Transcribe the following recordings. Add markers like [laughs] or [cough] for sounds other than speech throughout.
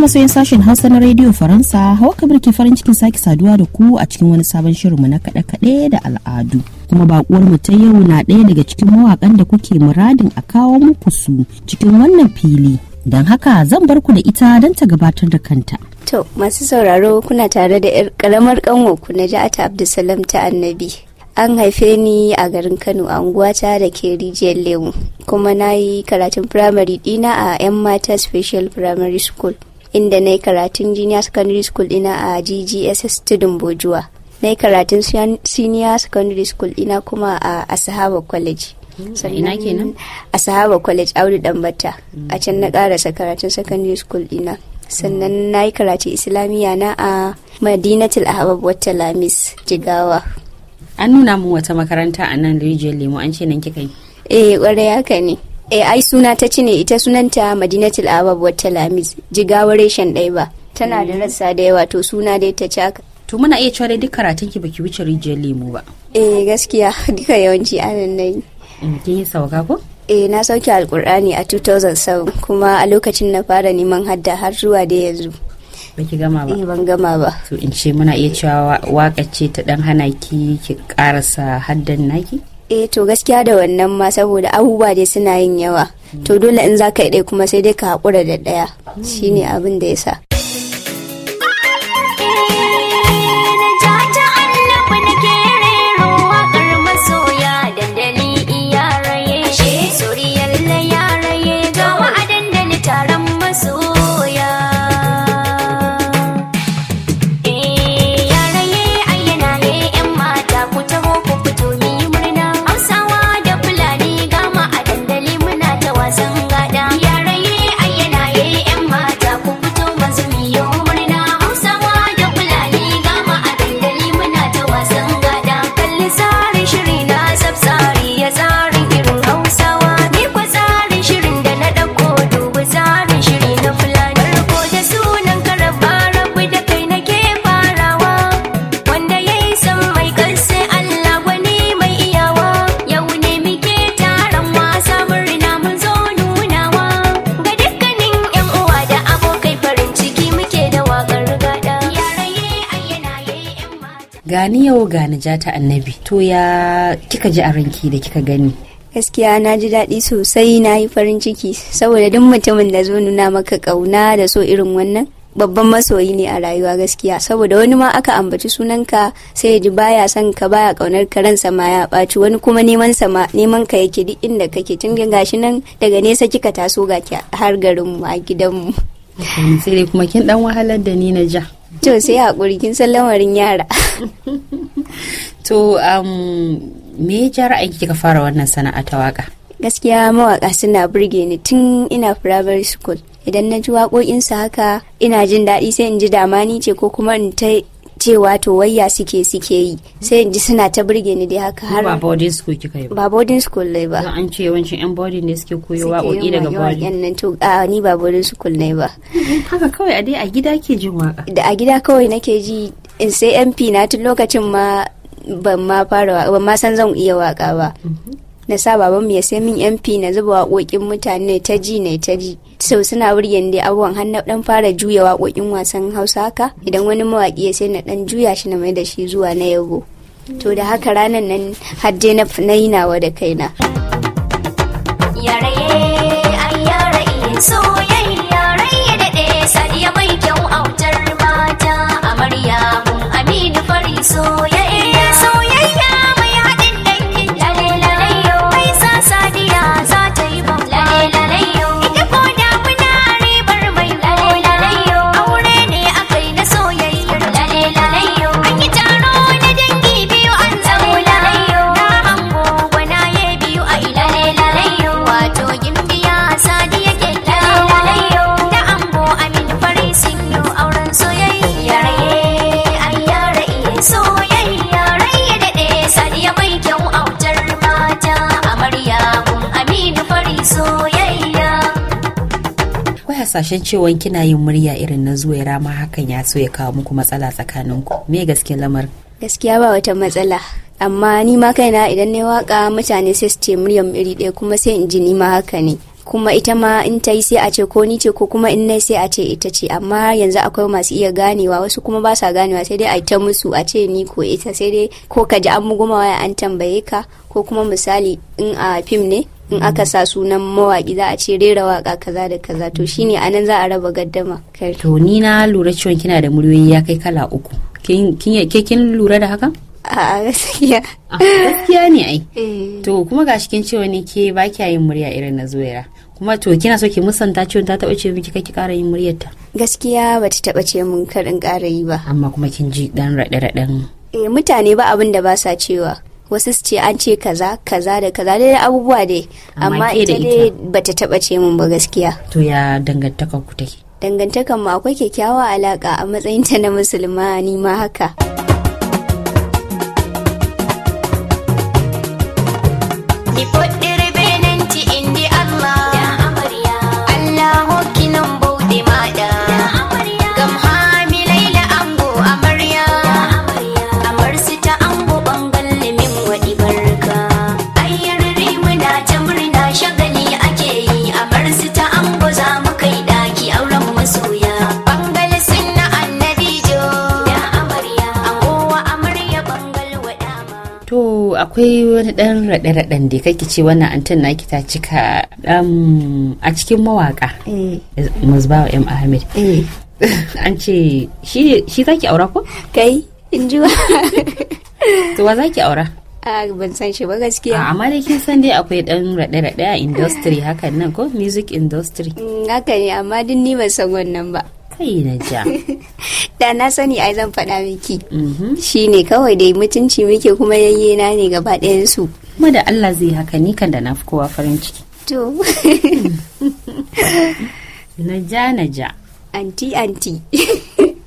masoyin sashen hausa na rediyo faransa hawa ka ke farin cikin sake saduwa da ku a cikin wani sabon shirinmu na kaɗe-kaɗe da al'adu kuma bakuwar mu ta yau na ɗaya daga cikin mawakan da kuke muradin a kawo muku su cikin wannan fili don haka zan bar ku da ita don ta gabatar da kanta to masu sauraro kuna tare da yar karamar ku na ja'ata abdulsalam ta annabi an haife ni a garin kano a unguwata da ke rijiyar lemu kuma na yi karatun firamare dina a yan mata special primary school inda na yi karatun junior secondary school dina a ggss tudun bojuwa na yi karatun senior secondary school dina kuma a asahaba college A ina kenan college audu dambata a can na karasa karatun secondary school dina sannan na yi karatun islamiyya na a madinatul ahbab wata lamis jigawa an nuna mun wata makaranta a nan rijiyar lemo an ce nan kika yi eh kware haka ne eh ai suna ta ci ne ita sunanta madinatul abab wata lamis jigawar reshen ɗaya ba tana da mm. rassa da yawa to suna dai ta caka to muna iya cewa dai duk karatun ki baki wuce rijiyar lemo ba eh gaskiya [laughs] duka yawanci anan nayi mm, kin yi sauka ko eh na sauke alkur'ani a 2007 kuma a lokacin na fara neman hadda har zuwa da yanzu baki gama ba eh, ban gama ba to in ce muna iya cewa waka ce ta dan hana ki ki karasa haddan naki eh to gaskiya da wannan ma saboda abubuwa dai suna yin yawa to dole in za ka yi kuma sai dai ka hakura da ɗaya shine abin da ya sa gani yau gani ja ta annabi to ya kika ji a ranki da kika gani gaskiya na ji daɗi sosai na yi farin ciki saboda duk mutumin da zo nuna maka ƙauna da so irin wannan babban masoyi ne a rayuwa gaskiya saboda wani ma aka ambaci sunanka sai ya ji baya son ka baya kaunar ka ransa ma ya ɓaci wani kuma neman sama neman ka yake duk inda kake tun gashi nan daga nesa kika taso ga har garin mu a gidan mu sai dai kuma kin dan wahalar da ni na ja to sai haƙuri kin san lamarin yara [laughs] to um, me ya kika fara wannan sana'a ta waka gaskiya mawaka suna burge ni tun ina primary school idan na ji waƙoƙinsu haka ina jin daɗi sai in ji dama ni ce ko kuma in ta cewa to wayya suke suke yi sai in ji suna ta burge ni dai haka har ba boarding school kika yi ba boarding school ne ba an ce yawancin yan boarding ne suke koyo waƙoƙi daga boarding yan nan to a ni ba boarding school ne ba [laughs] haka kawai a dai a gida ke jin waka da a gida kawai nake ji in sai MP na tun lokacin ma ban ma fara ban ma san zan iya waka ba mhm. na sa babanmu ya sai min mp na zuba waƙoƙin mutane ta ji na ta ji sau suna burgen dai abubuwan har na dan fara juya waƙoƙin wasan hausa haka idan wani mawaƙi ya sai na ɗan juya shi na mai da shi zuwa na yabo to da haka ranar nan har na yi nawa da kaina yare hasashen cewa kina yin murya irin na zuwa ma hakan ya so ya kawo muku matsala tsakaninku me gaskiyar lamar. gaskiya ba wata matsala amma ni ma kaina idan na waka mutane sai su ce muryar iri ɗaya kuma sai in ji ni ma haka ne kuma ita ma in ta yi sai a ce ko ni ce ko kuma in na sai a ce ita ce amma yanzu akwai masu iya ganewa wasu kuma ba sa ganewa sai dai a ta musu a ce ni ko ita sai dai ko ka ji an muguma waya an tambaye ka ko kuma misali in a fim ne in aka sa sunan mawaƙi za a ce rera waƙa kaza da kaza to shine a nan za a raba gaddama to ni na lura cewa kina da muryoyi ya kai kala uku ke kin lura da haka a gaskiya ah, gaskiya ne ai [laughs] eh. to kuma gashi kin ce wani ke ba kiya yin murya irin na zoyara kuma to kina so ki musanta ciwon ta taɓa ce miki ki ƙara yin muryar ta gaskiya bata taɓa ce mun karin ƙara yi ba amma kuma kin ji dan raɗe raɗen eh, mutane ba abin da ba sa cewa wasu su ce an ce kaza kaza da kaza dai abubuwa dai amma ita dai bata taba ce mun ba gaskiya to ya dangantaka ku take dangantakan mu akwai kyakkyawa alaka a matsayin ta na musulma ni ma haka akwai wani dan raɗe-raɗen da kake ce wannan antin naki ta cika a cikin mawaka eh. musbawa m ahmed eh. [laughs] an ce shi za ki aura ko kai in ji wa za ki aura ban san shi ba gaskiya amma da kin san dai akwai dan raɗe-raɗe a industry hakan nan ko music industry mm, hakan ne amma din ni ban san wannan ba kai na ja [laughs] da na sani ai zan faɗa miki mhm. shi ne kawai dai mutunci muke kuma yayye na ne gaba ɗayan su kuma da Allah zai haka ni kan da na fi kowa farin ciki to [laughs] na ja na ja anti anti [laughs]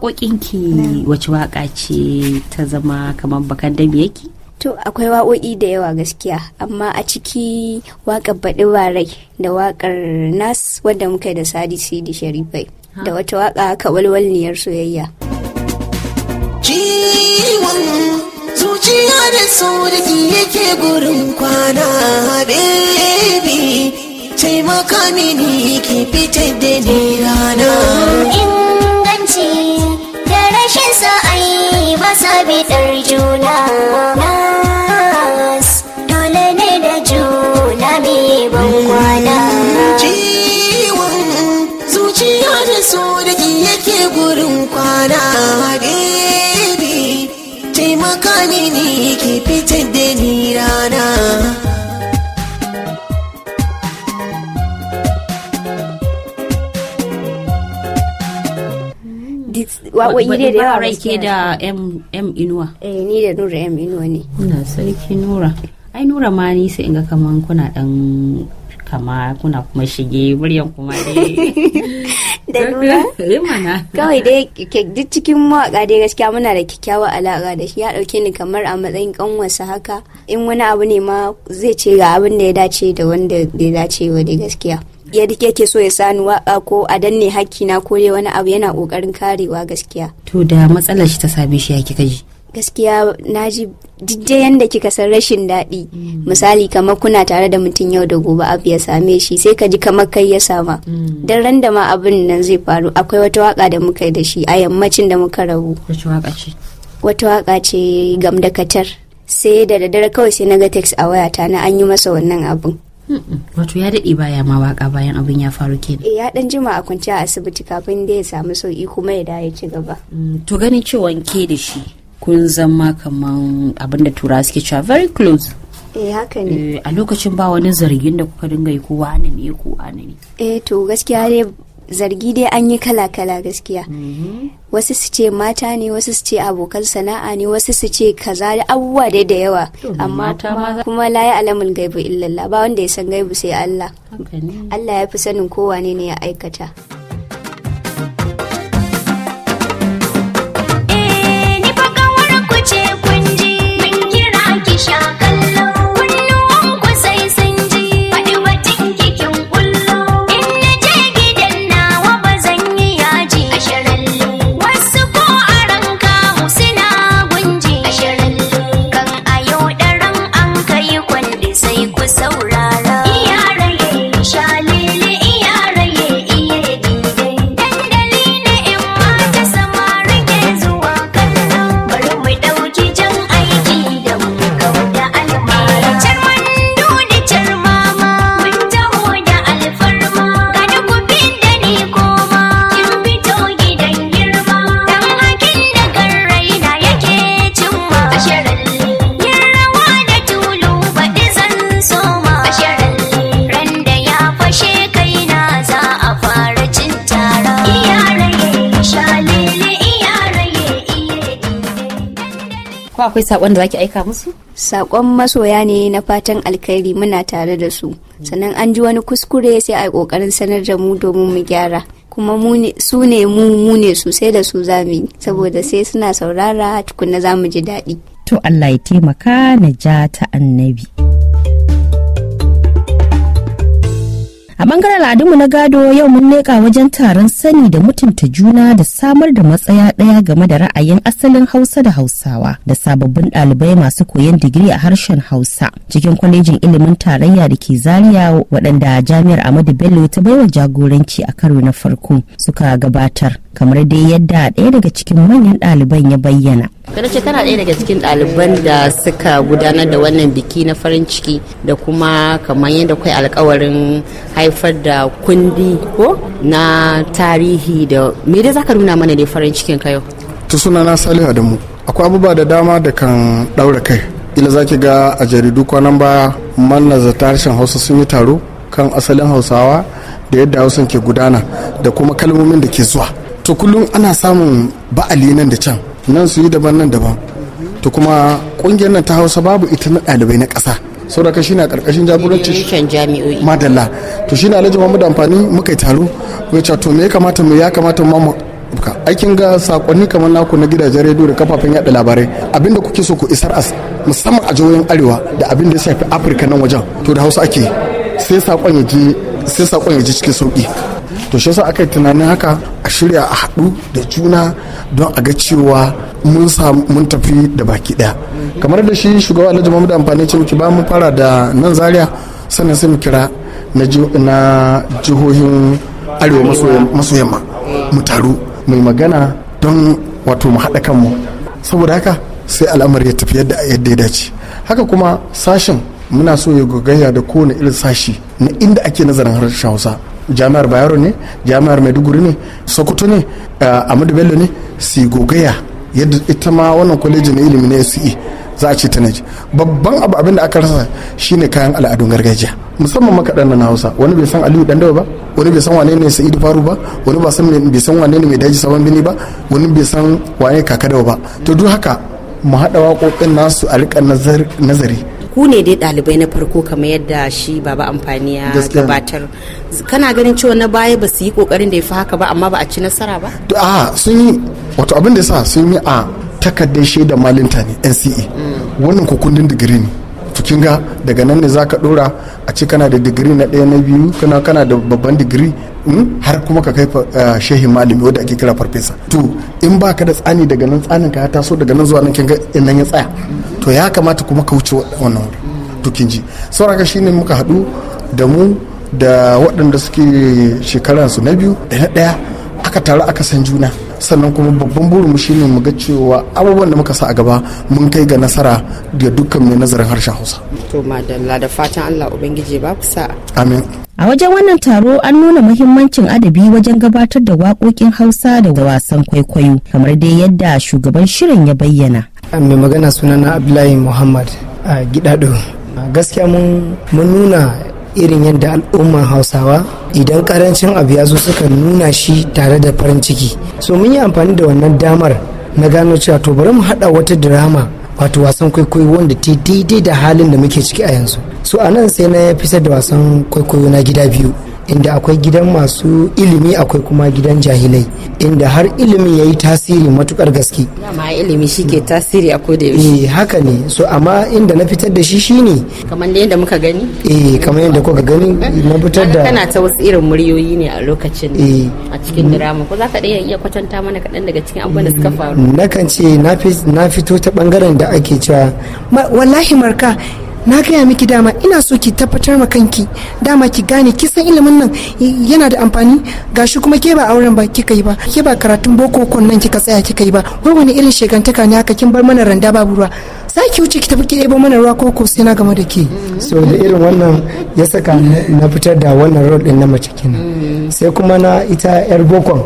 waƙoƙinki wace waƙa ce ta zama kamar bakan da yake? To akwai waƙoƙi da yawa gaskiya amma a ciki waƙar baɗi rai da waƙar nas wadda muka da sadi sidi sharifai da wata waƙa ka walwalniyar soyayya. Ciwon zuciya da sauraki yake gurin kwana bebi taimaka mini ke fitar da ni rana. Inganci rashin ai ba sa bitar juna nas dole ne da juna mai ban kwana ciwon zuciya da so da yake gurin kwana baby taimaka ne ke fitar da ni rana waƙoƙi dai da yawa rai ke da m inuwa eh ni da nura m inuwa ne ina sarki nura ai nura ma ni sai in ga kaman kuna dan kama kuna kuma shige muryan kuma dai [laughs] da [laughs] eh, mana kawai dai duk cikin mawaka dai gaskiya muna da kikkiawa alaka da shi ya dauke ni kamar a matsayin kanwarsa haka in wani abu ne ma zai ce ga abin da ya dace da wanda bai dace ba dai gaskiya yadda yake so ya sani waka ko a danne hakki na ko dai wani abu yana kokarin karewa gaskiya to da matsalar shi ta same shi ya kika ji gaskiya na ji jijje kika san rashin daɗi mm. misali kamar kuna tare da mutum yau da gobe abu ya same shi sai ka ji kamar kai ya sama mm. dan ran da ma abin nan zai faru akwai wata waka da muka yi da shi a yammacin da muka rabu wata waka ce gam da katar sai da daddare kawai sai na ga text a wayata na an yi masa wannan abin wato ya daɗe baya ma waka bayan abin ya faru kenan eh, ya dan jima a kwance a asibiti kafin da ya samu sauki kuma ya da ya ci gaba mm, to ganin cewa ke da shi kun zama kaman abin da tura suke cewa very close eh haka ne eh, a lokacin ba wani zargin da kuka dinga yi ko wani ne ko wani ne eh to gaskiya dai zargi dai an yi kala-kala gaskiya mhm. wasu su ce mata ne wasu su ce abokan sana'a ne wasu su ce kaza da abubuwa dai da yawa amma kuma la alamun gaibu illallah ba wanda ya san gaibu sai Allah Allah ya fi sanin kowa ne ne ya aikata akwai sakon da zaki aika musu sakon masoya ne na fatan alkhairi muna tare da su sannan an ji wani kuskure sai a yi kokarin sanar da mu domin mu gyara kuma su ne mu mu ne sosai da su yi saboda sai suna saurara tukunna zamu ji daɗi to Allah ya taimaka na ja ta annabi A bangaren al'adunmu na gado yau mun leƙa wajen taron sani da mutunta juna da samar da matsaya ɗaya game da ra'ayin asalin Hausa da Hausawa da sababbin ɗalibai masu koyon digiri a harshen Hausa cikin kwalejin ilimin tarayya da ke Zaria waɗanda jami'ar Ahmadu Bello ta baiwa jagoranci a karo na farko suka gabatar kamar dai yadda ɗaya daga cikin manyan ɗaliban ya bayyana. kana ce kana ɗaya daga cikin ɗaliban da suka gudanar da wannan biki na farin ciki da kuma kamar yadda kai alkawarin haifar da kundi ko na tarihi da me dai zaka nuna mana ne farin cikin ka yau? Ta suna na Salihu Adamu. Akwai abubuwa da dama da kan ɗaura kai. Ila zaki ga a jaridu kwanan baya zata harshen Hausa sun yi taro kan asalin Hausawa da yadda Hausan ke gudana da kuma kalmomin da ke zuwa. To kullum ana samun ba'ali nan da can. nan su yi daban nan daban to kuma kungiyar nan ta hausa babu ita na ɗalibai na ƙasa saboda shi na ƙarƙashin jagoranci madalla to shi na alhaji mamu da amfani muka yi taro ya cato to me ya kamata mu ya kamata mu aikin ga sakonni kamar naku na gidajen rediyo da kafafen yada labarai abinda kuke so ku isar as musamman a jihohin arewa da abinda da ya shafi afirka nan wajen to da hausa ake sai sakon ya je sai sakon ya je cikin sauki to shi yasa aka yi tunanin haka a shirya a haɗu da juna don a ga cewa mun samu mun tafi da baki ɗaya kamar da shi shugaba alhaji mahmud amfani ce muke ba mu fara da nan zaria sannan sai mu kira na jihohin arewa maso yamma mu taru mu magana don wato mu haɗa kanmu saboda haka sai al'amari ya tafi yadda ya dace haka kuma sashen muna so ya gogayya da kowane irin sashi na inda ake nazarin harshen hausa jami'ar bayero ne jami'ar maiduguri ne sokoto ne eh, amadu bello ne si gogaya yadda ita ma wannan kwaleji na ilimi na sce za a ce ta naji babban abu abin da aka rasa shine kayan al'adun gargajiya musamman makaɗan na hausa wani bai san aliyu dan ba wani bai san wane ne sa'idu faru ba wani ba san bai san wane ne mai daji sabon bini ba wani bai san wane kakadawa ba to duk haka mu haɗa waƙoƙin nasu a riƙa nazari ku ne dai ɗalibai na farko kamar yadda shi baba amfani ya gabatar kana ganin cewa na baya ba su yi kokarin da ya fi haka ba amma ba a ci nasara ba a sun yi wato abin da ya sa sun yi a takardar shaidar malinta ne nce mm. wannan ko kundin digiri ne kin ga daga nan ne zaka dora a ce kana da digiri na daya na biyu kana kana da babban digiri hmm? har kuma ka kai eh, shehin malami wanda ake kira farfesa to in ba ka da tsani daga nan tsanin ka ya taso daga nan zuwa nan kin ga nan ya tsaya to ya kamata kuma ka wuce wannan wuri to kin ji sauraka shine muka haɗu da mu da waɗanda suke shekaransu na biyu da na ɗaya aka taru aka san juna sannan kuma babban burinmu shine mu ga cewa abubuwan da muka sa a gaba mun kai ga nasara da dukkan mai nazarin harshen hausa to madalla da fatan allah ubangiji ba ku sa amin a wajen wannan taro an nuna muhimmancin adabi wajen gabatar da waƙoƙin hausa da wasan kwaikwayo kamar dai yadda shugaban shirin ya bayyana mai magana sunana abdullahi muhammad a gidado gaskiya mun nuna irin yadda al'ummar hausawa idan karancin abu ya zo suka nuna shi tare da farin ciki so mun yi amfani da wannan damar na gano cewa to bari mu haɗa wata drama wato wasan kwaikwayo wanda ta daidai da halin da muke ciki a yanzu so a nan sai na ya fitar da wasan kwaikwayo na gida biyu inda akwai gidan masu ilimi akwai kuma gidan jahilai inda har ilimi ya yi tasiri matukar gaske dama ilimi shi ke tasiri a koda yaushe eh haka ne so amma inda na fitar da shi shi ne. kamar da yadda muka gani eh kamar yadda kuka gani na fitar da kana ta wasu irin muryoyi ne a lokacin eh. a cikin drama ko ka iya iya kwatanta mana kaɗan daga cikin abubuwan da suka faru nakan ce na fito ta bangaren da ake cewa wallahi marka na gaya miki dama ina so ki tabbatar ma kanki dama ki gane kisan ilimin nan yana da amfani gashi kuma ke ba auren ba kika yi ba ke ba karatun boko kon nan kika tsaya kika yi ba wai wani irin shegantaka ne haka kin bar mana randa babu ruwa za ki wuce ki tafi ki ɗebo mana ruwa ko ko sai na game da ke so da irin wannan ya saka na fitar da wannan rol din na mace kenan sai kuma na ita yar bokon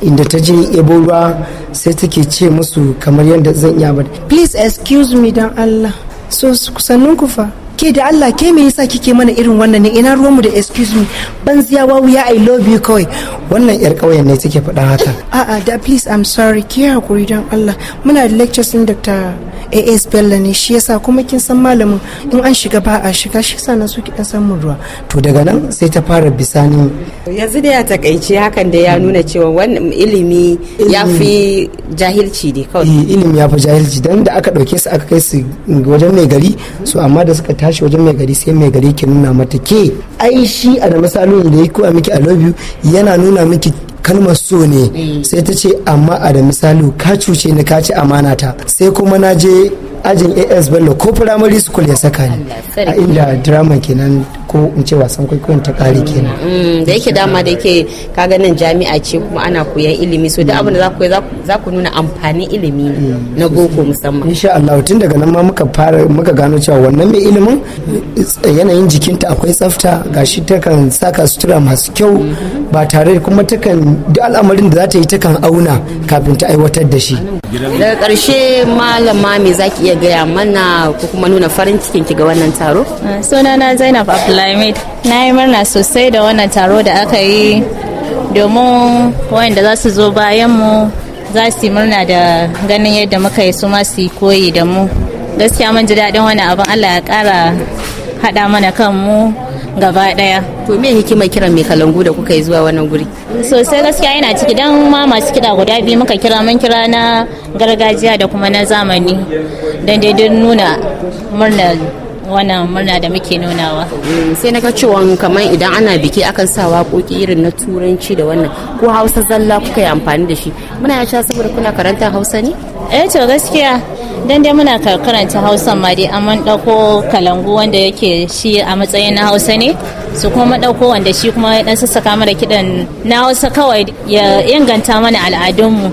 inda ta je ɗebo ruwa sai take ce musu kamar yadda zan iya ba please excuse me dan Allah Suzuku Sanukuva. ke da Allah ke me yasa kike mana irin wannan ne ina ruwanmu da excuse me ban wawu ya I love you kawai wannan yar ƙauyen ne take faɗa haka a'a da please I'm sorry ki hakuri don Allah muna da lectures din Dr. AS Bello ne shi yasa kuma kin san malamin in an shiga ba a shiga shi yasa na so ki dan ruwa to daga nan sai ta fara bisani yanzu da ya takaice hakan da ya nuna cewa wannan ilimi ya fi jahilci ne kawai eh, ilimi ya fi jahilci dan da aka dauke su aka kai su wajen mai gari su amma da suka tashi wajen mai gari sai mai gari ke nuna mata ke ai shi a da misalin da ya koya miki i yana nuna miki kalmar so ne mm. sai ta ce amma a da misali ka cuce ni ka ci amana ta sai kuma na je ajin as bello ko primary school ya saka ni a inda drama kenan ko in ce wasan kwaikwayon ta kare kenan mm, mm, da yake dama da yake ka ganin jami'a ce kuma ana koyan ilimi so da abin da za ku nuna amfani ilimi mm, na goko musamman insha Allah tun daga nan ma muka fara muka gano cewa wannan mai ilimin yanayin jikinta akwai tsafta gashi kan saka sutura masu kyau mm-hmm. ba tare kuma kan duk al'amarin da za ta yi ta kan auna kafin ta aiwatar da shi daga karshe malama me zaki iya gaya mana ko kuma nuna farin cikin ki ga wannan taro? Ah, sunana Zainab Abdulhamid. Na yi murna sosai da wannan taro da aka yi domin wayanda za su zo bayan mu za su yi murna da ganin yadda muka yi su masu koyi da mu. Gaskiya mun ji daɗin wani abin Allah ya ƙara haɗa mana kanmu gaba daya to me mai kiran mai kalangu da kuka yi zuwa wannan guri sosai gaskiya yana ciki dan ma masu kiɗa guda biyu muka kira mun kira na gargajiya da kuma na zamani dan don nuna murnar wannan murna da muke nunawa. sai na ga cewa kamar idan ana biki akan sa waƙoƙi irin na turanci da wannan ko hausa zalla kuka yi amfani da shi muna ya sha saboda kuna karanta hausa ne? eh to gaskiya dan dai muna karkaranta hausan ma dai man dauko kalangu wanda yake shi a matsayin na hausa ne su kuma dauko wanda shi kuma ya dan sassaka mana kidan na hausa kawai ya inganta mana al'adunmu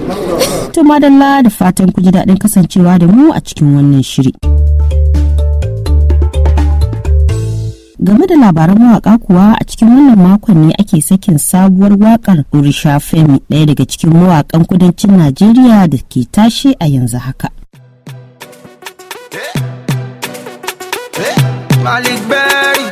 to madalla da fatan ku ji daɗin kasancewa da mu a cikin wannan shiri game da labaran mawaka kuwa a cikin wannan makon ne ake sakin sabuwar waƙar Orisha Femi ɗaya daga cikin mawakan kudancin Najeriya da ke tashe a yanzu haka. Malik Berry,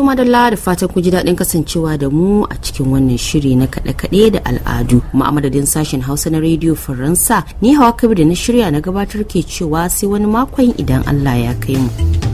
one da fatan kun ji daɗin kasancewa da mu a cikin wannan shiri na kaɗe-kaɗe da al'adu kuma a madadin sashen hausa na rediyo faransa ni hawa kabir da na shirya na gabatar ke cewa sai wani makon idan allah ya kai mu.